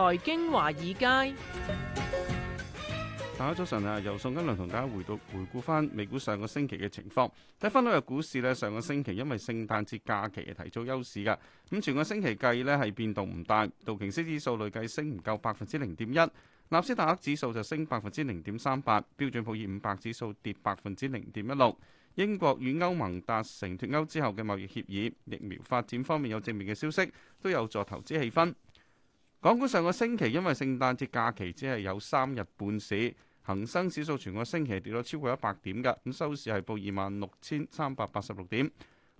財經華爾街，大家早晨啊！由宋金亮同大家回到回顧翻美股上個星期嘅情況。睇翻到嚟，股市呢上個星期因為聖誕節假期係提早休市噶，咁全個星期計呢係變動唔大。道瓊斯指數累計升唔夠百分之零點一，納斯達克指數就升百分之零點三八，標準普爾五百指數跌百分之零點一六。英國與歐盟達成脫歐之後嘅貿易協議，疫苗發展方面有正面嘅消息，都有助投資氣氛。港股上個星期因為聖誕節假期，只係有三日半市，恒生指數全個星期係跌咗超過一百點嘅，咁收市係報二萬六千三百八十六點。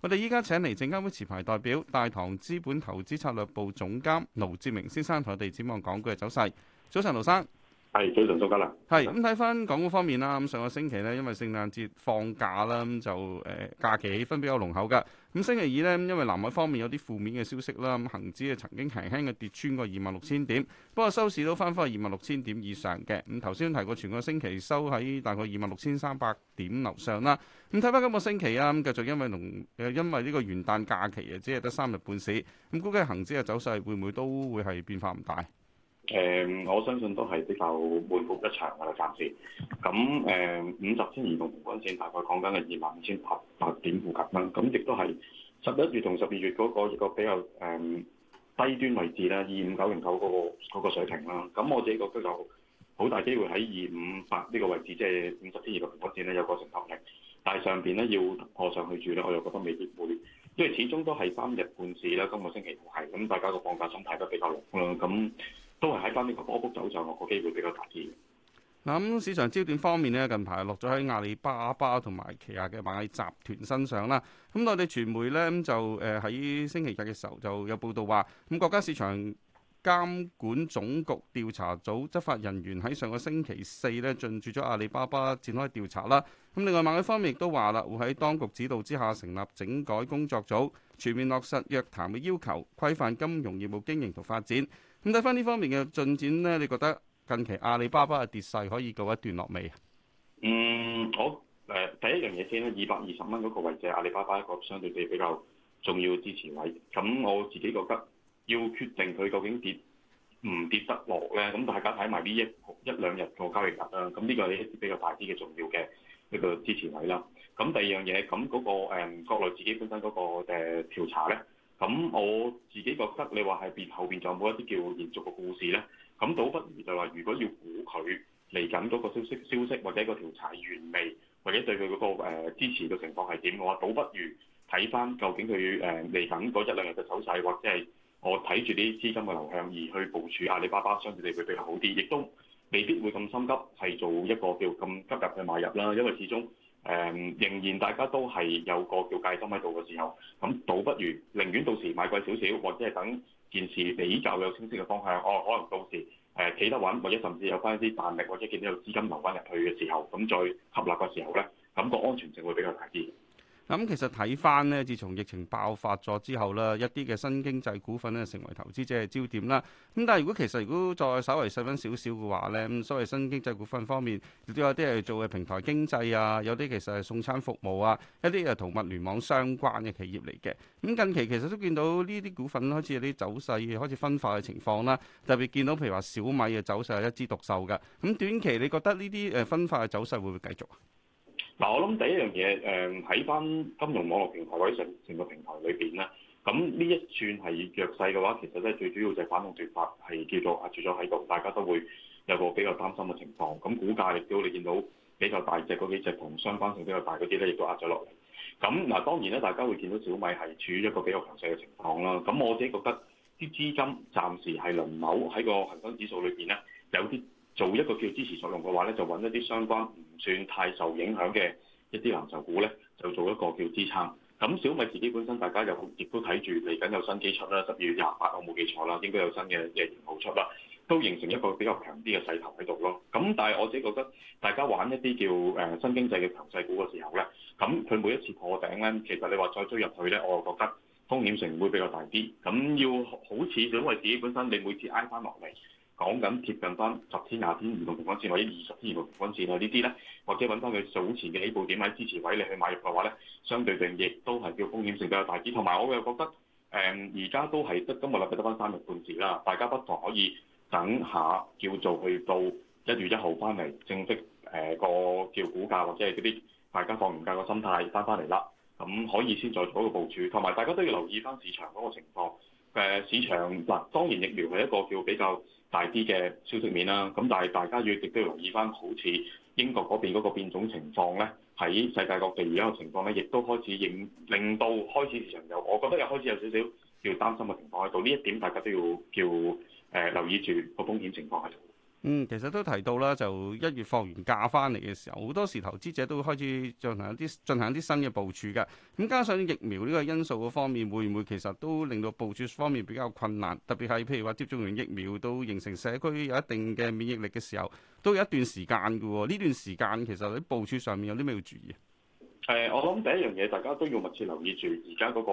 我哋依家請嚟證監會持牌代表、大堂資本投資策略部總監盧志明先生，同我哋展望港股嘅走勢。早晨，盧生。係早上早吉啦。係咁睇翻港股方面啦，咁上個星期呢，因為聖誕節放假啦，咁就誒、呃、假期氣氛比較濃厚嘅。咁星期二呢，因為南海方面有啲負面嘅消息啦，咁恒指啊曾經輕輕嘅跌穿過二萬六千點，不過收市都翻翻去二萬六千點以上嘅。咁頭先提過全 26,，全個星期收喺大概二萬六千三百點樓上啦。咁睇翻今個星期啊，咁繼續因為農因為呢個元旦假期啊，只係得三日半市。咁估計恒指嘅走勢會唔會都會係變化唔大？誒、嗯，我相信都係比較滿腹一場嘅啦，暫時。咁誒，五十天移動平均線大概講緊係二萬五千八八點附近啦。咁亦都係十一月同十二月嗰個一個比較誒、嗯、低端位置啦，二五九零九嗰個水平啦。咁我自己覺得有好大機會喺二五八呢個位置，即係五十天移動平均線咧有個承托力。但係上邊咧要破上去住咧，我又覺得未必會，因為始終都係三日半市啦，今個星期都係咁，大家個放假心態都比較濃啦，咁。都係喺翻呢個波幅走上落個機會比較大啲嗱。咁市場焦點方面咧，近排落咗喺阿里巴巴同埋旗下嘅螞蟻集團身上啦。咁內地傳媒呢，就誒喺星期日嘅時候就有報道話，咁國家市場監管總局調查組執法人員喺上個星期四咧進駐咗阿里巴巴展開調查啦。咁另外螞蟻方面亦都話啦，會喺當局指導之下成立整改工作組，全面落實約談嘅要求，規範金融業務經營同發展。咁睇翻呢方面嘅進展咧，你覺得近期阿里巴巴嘅跌勢可以告一段落未？嗯，好。誒、呃，第一樣嘢先啦，二百二十蚊嗰個位置，係阿里巴巴一個相對地比較重要嘅支持位。咁我自己覺得要決定佢究竟跌唔跌得落咧，咁大家睇埋呢一一,一兩日個交易日啦。咁呢個係一啲比較大啲嘅重要嘅一個支持位啦。咁第二樣嘢，咁嗰、嗰個誒、嗯、國內自己本身嗰個誒調查咧。咁我自己覺得，你話係後仲有冇一啲叫連續嘅故事呢？咁倒不如就話，如果要估佢嚟緊嗰個消息、消息或者個調查完未，或者對佢嗰個誒支持嘅情況係點嘅話，倒不如睇翻究竟佢誒嚟緊嗰一兩日嘅走勢，或者係我睇住啲資金嘅流向而去部署阿里巴巴，相對地會比較好啲，亦都未必會咁心急係做一個叫咁急入去買入啦，因為始終。誒、嗯、仍然大家都係有個叫戒心喺度嘅時候，咁倒不如寧願到時買貴少少，或者係等件事比較有清晰嘅方向，我、哦、可能到時誒企、呃、得穩，或者甚至有翻一啲彈力，或者見到有資金流翻入去嘅時候，咁再吸納嘅時候呢，感、那、覺、個、安全性會比較大啲。咁其實睇翻呢，自從疫情爆發咗之後啦，一啲嘅新經濟股份呢，成為投資者嘅焦點啦。咁但係如果其實如果再稍微細分少少嘅話呢，咁所謂新經濟股份方面亦都有啲係做嘅平台經濟啊，有啲其實係送餐服務啊，一啲係同物聯網相關嘅企業嚟嘅。咁近期其實都見到呢啲股份開始有啲走勢開始分化嘅情況啦。特別見到譬如話小米嘅走勢係一枝獨秀嘅。咁短期你覺得呢啲誒分化嘅走勢會唔會繼續？嗱，我諗第一樣嘢，誒喺翻金融網絡平台或者上成個平台裏邊咧，咁呢一串係弱勢嘅話，其實咧最主要就係反動脫法係叫做壓住咗喺度，大家都會有個比較擔心嘅情況。咁股價亦都你見到比較大隻嗰幾隻同相關性比較大嗰啲咧，亦都壓咗落嚟。咁嗱，當然咧，大家會見到小米係處於一個比較強勢嘅情況啦。咁我自己覺得啲資金暫時係輪流喺個恒生指數裏邊咧有啲，做一個叫支持作用嘅話呢，就揾一啲相關唔算太受影響嘅一啲藍籌股呢，就做一個叫支撐。咁小米自己本身，大家又亦都睇住嚟緊有新機出啦，十二月廿八我冇記錯啦，應該有新嘅嘅型號出啦，都形成一個比較強啲嘅勢頭喺度咯。咁但係我自己覺得，大家玩一啲叫誒新經濟嘅強勢股嘅時候呢，咁佢每一次破頂呢，其實你話再追入去呢，我覺得風險性會比較大啲。咁要好似小米自己本身你每次挨翻落嚟。講緊貼近翻十天、廿天移動平均線，或者二十天移動平均線啊，呢啲咧，或者揾翻佢早前嘅起步點喺支持位，你去買入嘅話咧，相對性亦都係叫風險性比較大啲。同埋，我又覺得誒，而家都係得今個禮拜得翻三日半時啦。大家不妨可以等下叫做去到一月一號翻嚟正式誒個叫股價或者係嗰啲大家放完假個心態翻翻嚟啦。咁可以先再做一個部署。同埋大家都要留意翻市場嗰個情況誒。市場嗱，當然疫苗係一個叫比較大啲嘅消息面啦，咁但係大家要亦都要留意翻，好似英國嗰邊嗰個變種情況咧，喺世界各地而家嘅情況咧，亦都開始影令到開始市場有，我覺得又開始有少少要擔心嘅情況喺度，呢一點大家都要叫誒、呃、留意住個風險情況喺度。嗯，其實都提到啦，就一月放完假翻嚟嘅時候，好多時投資者都開始進行一啲進行一啲新嘅部署㗎。咁加上疫苗呢個因素嘅方面，會唔會其實都令到部署方面比較困難？特別係譬如話接種完疫苗，到形成社區有一定嘅免疫力嘅時候，都有一段時間㗎喎。呢段時間其實喺部署上面有啲咩要注意？誒，我諗第一樣嘢，大家都要密切留意住而家嗰個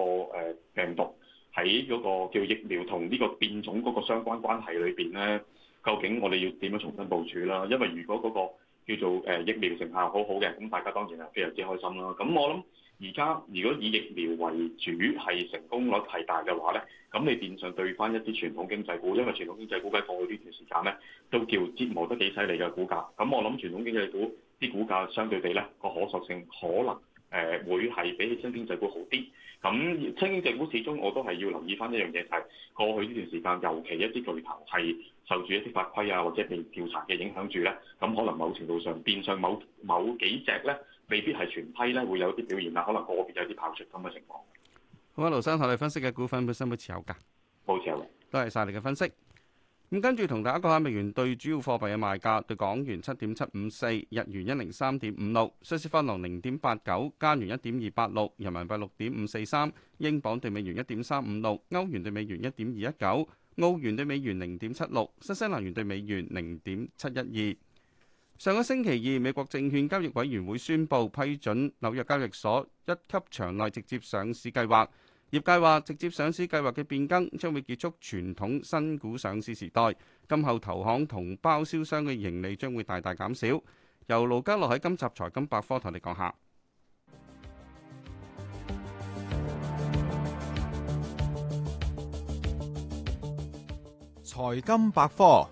誒病毒喺嗰個叫疫苗同呢個變種嗰個相關關係裏邊咧。究竟我哋要點樣重新部署啦？因為如果嗰個叫做誒疫苗成效好好嘅，咁大家當然係非常之開心啦。咁我諗而家如果以疫苗為主係成功率係大嘅話咧，咁你變相對翻一啲傳統經濟股，因為傳統經濟股喺過去呢段時間咧都叫折磨得幾犀利嘅股價。咁我諗傳統經濟股啲股價相對地咧個可塑性可能，誒會係比起新經濟股好啲，咁新經濟股始終我都係要留意翻一樣嘢，就係過去呢段時間，尤其一啲巨頭係受住一啲法規啊或者被調查嘅影響住咧，咁可能某程度上變相某某幾隻咧，未必係全批咧會有啲表現啦，可能個別有啲跑出咁嘅情況。好啊，盧生同你分析嘅股份本身會持有噶，冇持有，多謝晒你嘅分析。咁跟住同大家講下美元對主要貨幣嘅賣價，對港元七點七五四，日元一零三點五六，瑞士法郎零點八九，加元一點二八六，人民幣六點五四三，英鎊對美元一點三五六，歐元對美元一點二一九，澳元對美元零點七六，新西蘭元對美元零點七一二。上個星期二，美國證券交易委員會宣布批准紐約交易所一級場內直接上市計劃。業界話，直接上市計劃嘅變更，將會結束傳統新股上市時代。今後投行同包銷商嘅盈利將會大大減少。由盧家樂喺今集財金百科同你講下。財金百科，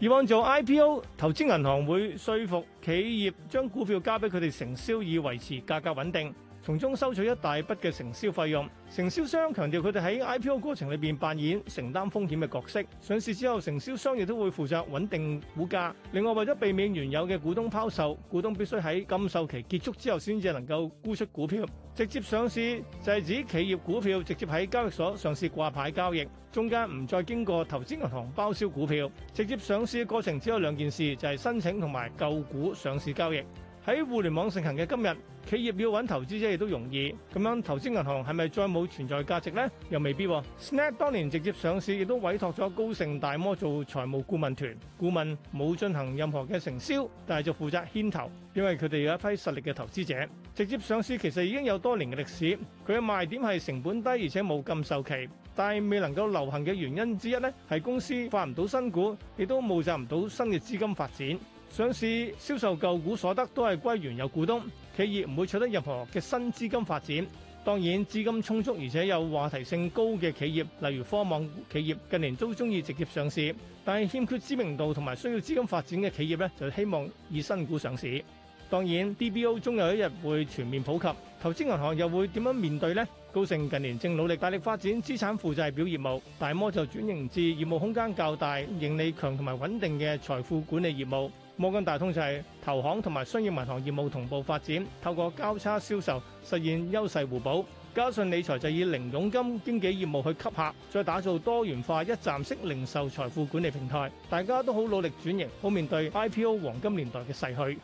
以往做 IPO，投資銀行會說服企業將股票交俾佢哋承銷，以維持價格穩定。從中收取一大筆嘅承銷費用，承銷商強調佢哋喺 IPO 過程裏邊扮演承擔風險嘅角色。上市之後，承銷商亦都會負責穩定股價。另外，為咗避免原有嘅股東拋售，股東必須喺禁售期結束之後先至能夠沽出股票。直接上市就係指企業股票直接喺交易所上市掛牌交易，中間唔再經過投資銀行包銷股票。直接上市嘅過程只有兩件事，就係、是、申請同埋舊股上市交易。喺互聯網盛行嘅今日，企業要揾投資者亦都容易。咁樣投資銀行係咪再冇存在價值呢？又未必喎。Snap 當年直接上市，亦都委託咗高盛、大摩做財務顧問團顧問，冇進行任何嘅承銷，但係就負責牽頭，因為佢哋有一批實力嘅投資者。直接上市其實已經有多年嘅歷史，佢嘅賣點係成本低，而且冇咁受期。但係未能夠流行嘅原因之一呢，係公司發唔到新股，亦都募集唔到新嘅資金發展。上市銷售舊股所得都係歸原有股東，企業唔會取得任何嘅新資金發展。當然資金充足而且有話題性高嘅企業，例如科網企業近年都中意直接上市。但係欠缺知名度同埋需要資金發展嘅企業呢，就希望以新股上市。當然 DBO 終有一日會全面普及，投資銀行又會點樣面對呢？高盛近年正努力大力發展資產負債表業務，大摩就轉型至業務空間較大、盈利強同埋穩定嘅財富管理業務。摩根大通就係投行同埋商業銀行業務同步發展，透過交叉銷售實現優勢互補。嘉信理財就以零佣金經紀業務去吸客，再打造多元化一站式零售財富管理平台。大家都好努力轉型，好面對 IPO 黃金年代嘅逝去。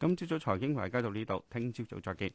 今朝早財經華爾街到呢度，聽朝早再見。